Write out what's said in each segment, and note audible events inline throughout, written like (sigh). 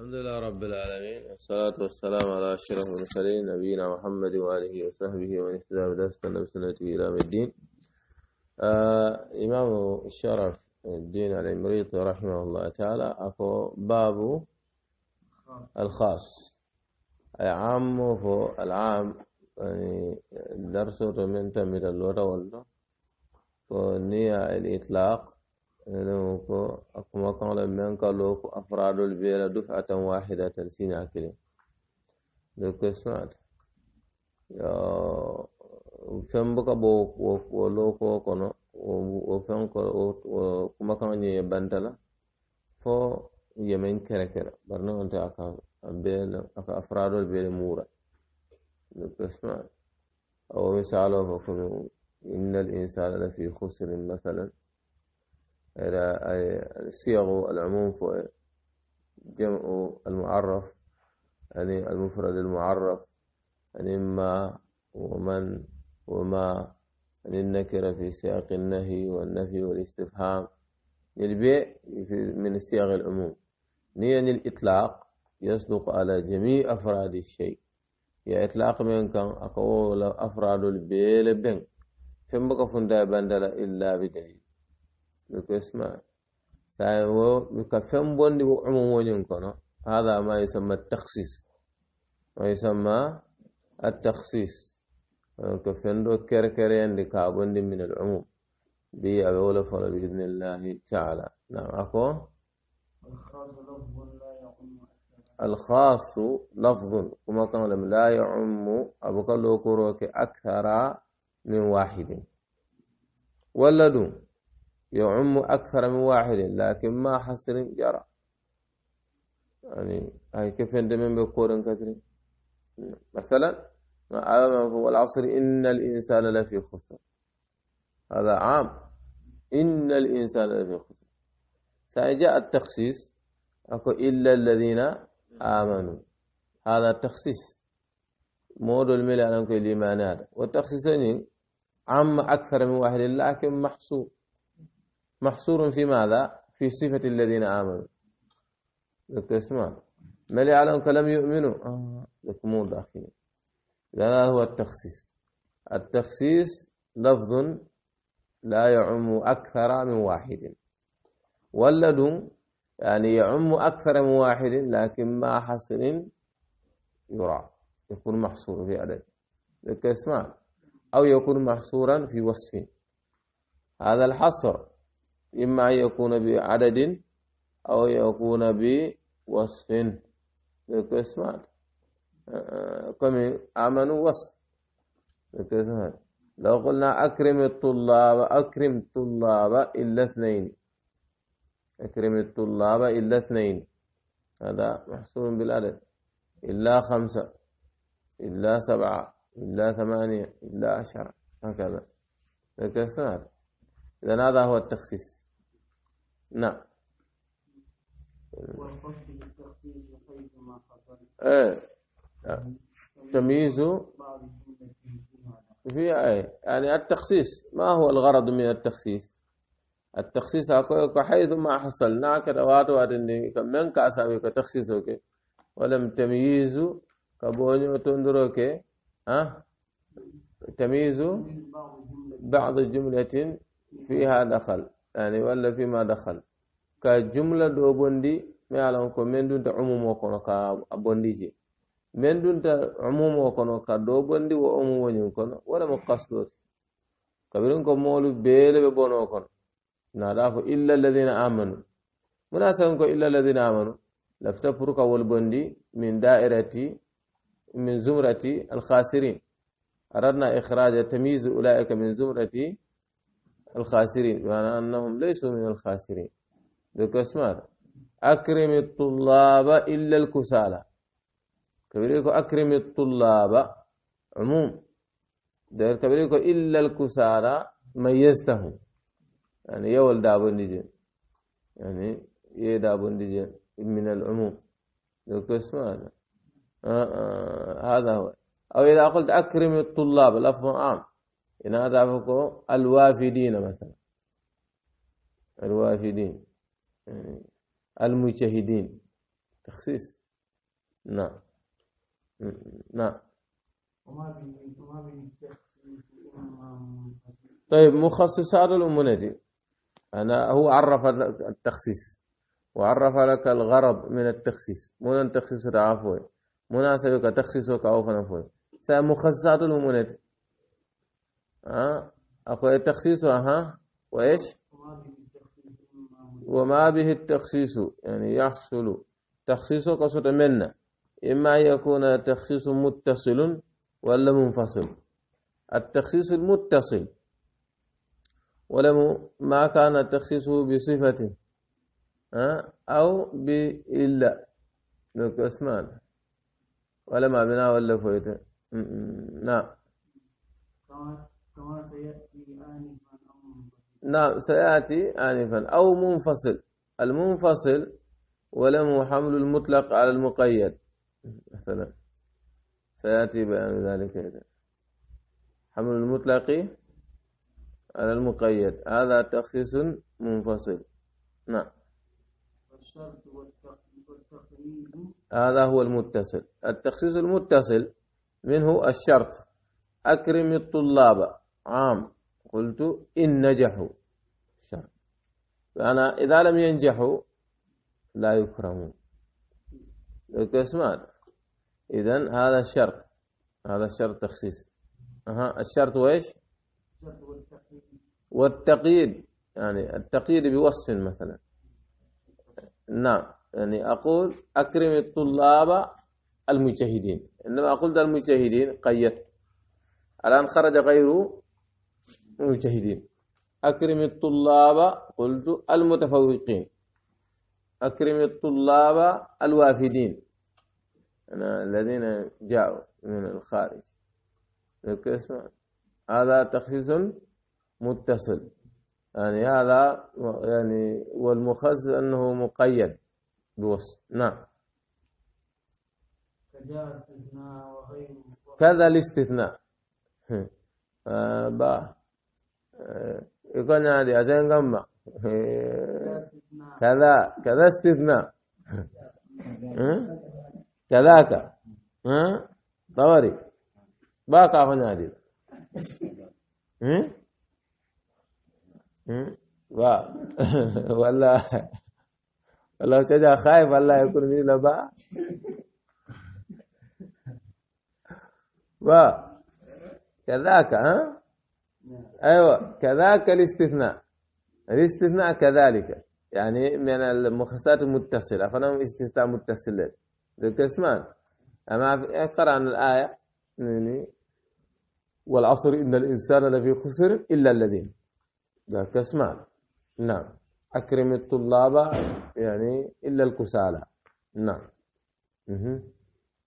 الحمد لله رب العالمين والصلاة والسلام على أشرف المرسلين نبينا محمد وآله وصحبه ومن اهتدى بهداه بسنته إلى يوم الدين آه إمام الشرف الدين العمريطي رحمه الله تعالى أكو باب الخاص العام فو العام يعني درس من تمر الورا والله ونية الإطلاق نوكو أقوم أقوم لمن كلوكو أفراد البيرة دفعة واحدة سينا كلي لوكو سمعت يا فمبكا بو ولوكو كنو وفهم كر وكم كان يي بنتلا فو يمين كره كره برنا انت اكا بيل اكا افراد البيل مورا بسم او مثال او ان الانسان لفي خسر مثلا ان صيغ العموم فوق جمع المعرف يعني المفرد المعرف يعني ما ومن وما يعني النكرة في سياق النهي والنفي والاستفهام البيع يعني من صيغ العموم نيا الإطلاق يصدق على جميع أفراد الشيء يا إطلاق من كان أقول أفراد البيع لبن فما كفن دابان إلا بدليل بكسمة سايو بكفم بوندي عموم ينكونا هذا ما يسمى التخصيص ما يسمى التخصيص كفن دو كر كر يندي كابوندي من العموم بي أقول فلا بإذن الله تعالى نعم أكو الخاص لفظ كما قال لا يعم أبو كلو كروك أكثر من واحد ولدوا يعم أكثر من واحد لكن ما حصر جرى يعني هاي كيف يندمج بكور كثير مثلا ما والعصر إن الإنسان لفي خسر هذا عام إن الإنسان لفي خسر سيجاء التخصيص أكو إلا الذين آمنوا هذا تخصيص مود الملأ أنكو الإيمان هذا والتخصيص عم أكثر من واحد لكن محصور محصور في ماذا في صفة الذين آمنوا ذلك اسمع لي عليهم كلام يؤمنوا آه ذلك مو داخل هذا هو التخصيص التخصيص لفظ لا يعم أكثر من واحد ولد يعني يعم أكثر من واحد لكن مع حصر يرى يكون محصور في عدد ذلك اسمع أو يكون محصورا في وصف هذا الحصر إما أن يكون بعدد أو يكون بوصف اسمع قم آمنوا وصف اسمع لو قلنا أكرم الطلاب أكرم الطلاب إلا اثنين أكرم الطلاب إلا اثنين هذا محصور بالعدد إلا خمسة إلا سبعة إلا ثمانية إلا عشرة هكذا ذلك اسمع إذا هذا هو التخصيص نعم ايه تمييز في ايه يعني التخصيص ما هو الغرض من التخصيص التخصيص اقول حيث ما حصلنا كدوات وادني من تخصيص اوكي ولم تمييز كبوني وتندروك ها تمييز بعض جملة فيها دخل يعني ولا فيما دخل كجملة دو بندي ما علم كمن دون عموم وكونو كبندي جي من دون عموم وكونو كدو بندي وعموم ونكونو ولا مقصود كبيرن كمول بيل ببون وكن نعرف إلا الذين آمنوا مناسبة كو إلا الذين آمنوا لفتا بروك والبندي من دائرتي من زمرتي الخاسرين أردنا إخراج تمييز أولئك من زمرتي الخاسرين بمعنى أنهم ليسوا من الخاسرين ذلك اسمار أكرم الطلاب إلا الكسالى كبيريك أكرم الطلاب عموم دير كبيريك إلا الكسالى ميزتهم يعني يول دابون ديجين يعني يه دابون ديجين من العموم ذلك اسمار آه آه هذا هو أو إذا قلت أكرم الطلاب لفظ عام هذا تعرفكو الوافدين مثلا الوافدين المجاهدين يعني المجتهدين تخصيص نعم نعم طيب مخصصات الأمونة أنا هو عرف التخصيص وعرف لك الغرض من التخصيص من التخصيص تعافوي مناسبك تخصيصك أو فنفوي مخصصات الأمونة ها إيه التخصيص ها وإيش وما به التخصيص يعني يحصل تخصيص قصد منا إما أن يكون تخصيص متصل ولا منفصل التخصيص المتصل ولم ما كان التخصيص بصفة أو بإلا لك اسمان ولا ما بنا ولا فويته نعم نعم سيأتي آنفا أو منفصل المنفصل ولم حمل المطلق على المقيد مثلا سيأتي بأن ذلك إذا حمل المطلق على المقيد هذا تخصيص منفصل نعم هذا هو المتصل التخصيص المتصل منه الشرط أكرم الطلاب عام قلت إن نجحوا شر فأنا إذا لم ينجحوا لا يكرمون اسمع إذا هذا الشرط هذا الشرط تخصيص أها الشرط وإيش؟ والتقييد يعني التقييد بوصف مثلا نعم يعني أقول أكرم الطلاب المجتهدين إنما أقول المجتهدين قيدت الآن خرج غيره المجتهدين أكرم الطلاب قلت المتفوقين أكرم الطلاب الوافدين أنا الذين جاءوا من الخارج هذا تخصيص متصل يعني هذا يعني والمخز أنه مقيد بوصف نعم كذا الاستثناء وغيره كذا الاستثناء (laughs) آه، يكون هذه عشان غمة كذا كذا استثناء كذاك طوري باقى فنادي ولا ولا تجا خايف الله يكون مين باء باء كذاك ها أيوة كذاك الاستثناء الاستثناء كذلك يعني من المخصصات المتصلة فنهم استثناء متصلين بالقسمان أما اقرأ عن الآية يعني والعصر إن الإنسان لفي خسر إلا الذين ذاك قسمان نعم أكرم الطلاب يعني إلا الكسالى نعم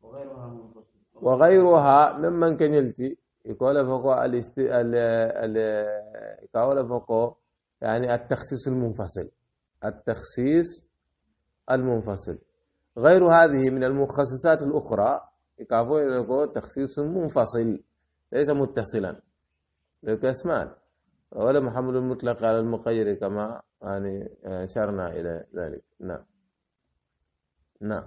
وغيرها ممتصل وغيرها ممن كنلتي يقول فوقه الاست... ال... ال... يقول فوقه يعني التخصيص المنفصل التخصيص المنفصل غير هذه من المخصصات الأخرى يقول تخصيص منفصل ليس متصلا لك اسمان ولا محمد المطلق على المقير كما يعني أشرنا إلى ذلك نعم نعم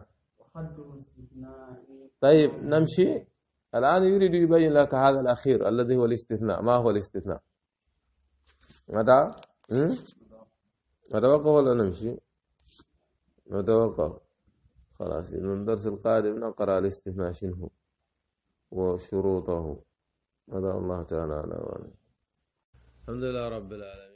طيب نمشي الآن يريد يبين لك هذا الأخير الذي هو الاستثناء ما هو الاستثناء متى نتوقف ولا نمشي نتوقف خلاص من الدرس القادم نقرأ الاستثناء شنو وشروطه هذا الله تعالى أعلم الحمد لله رب العالمين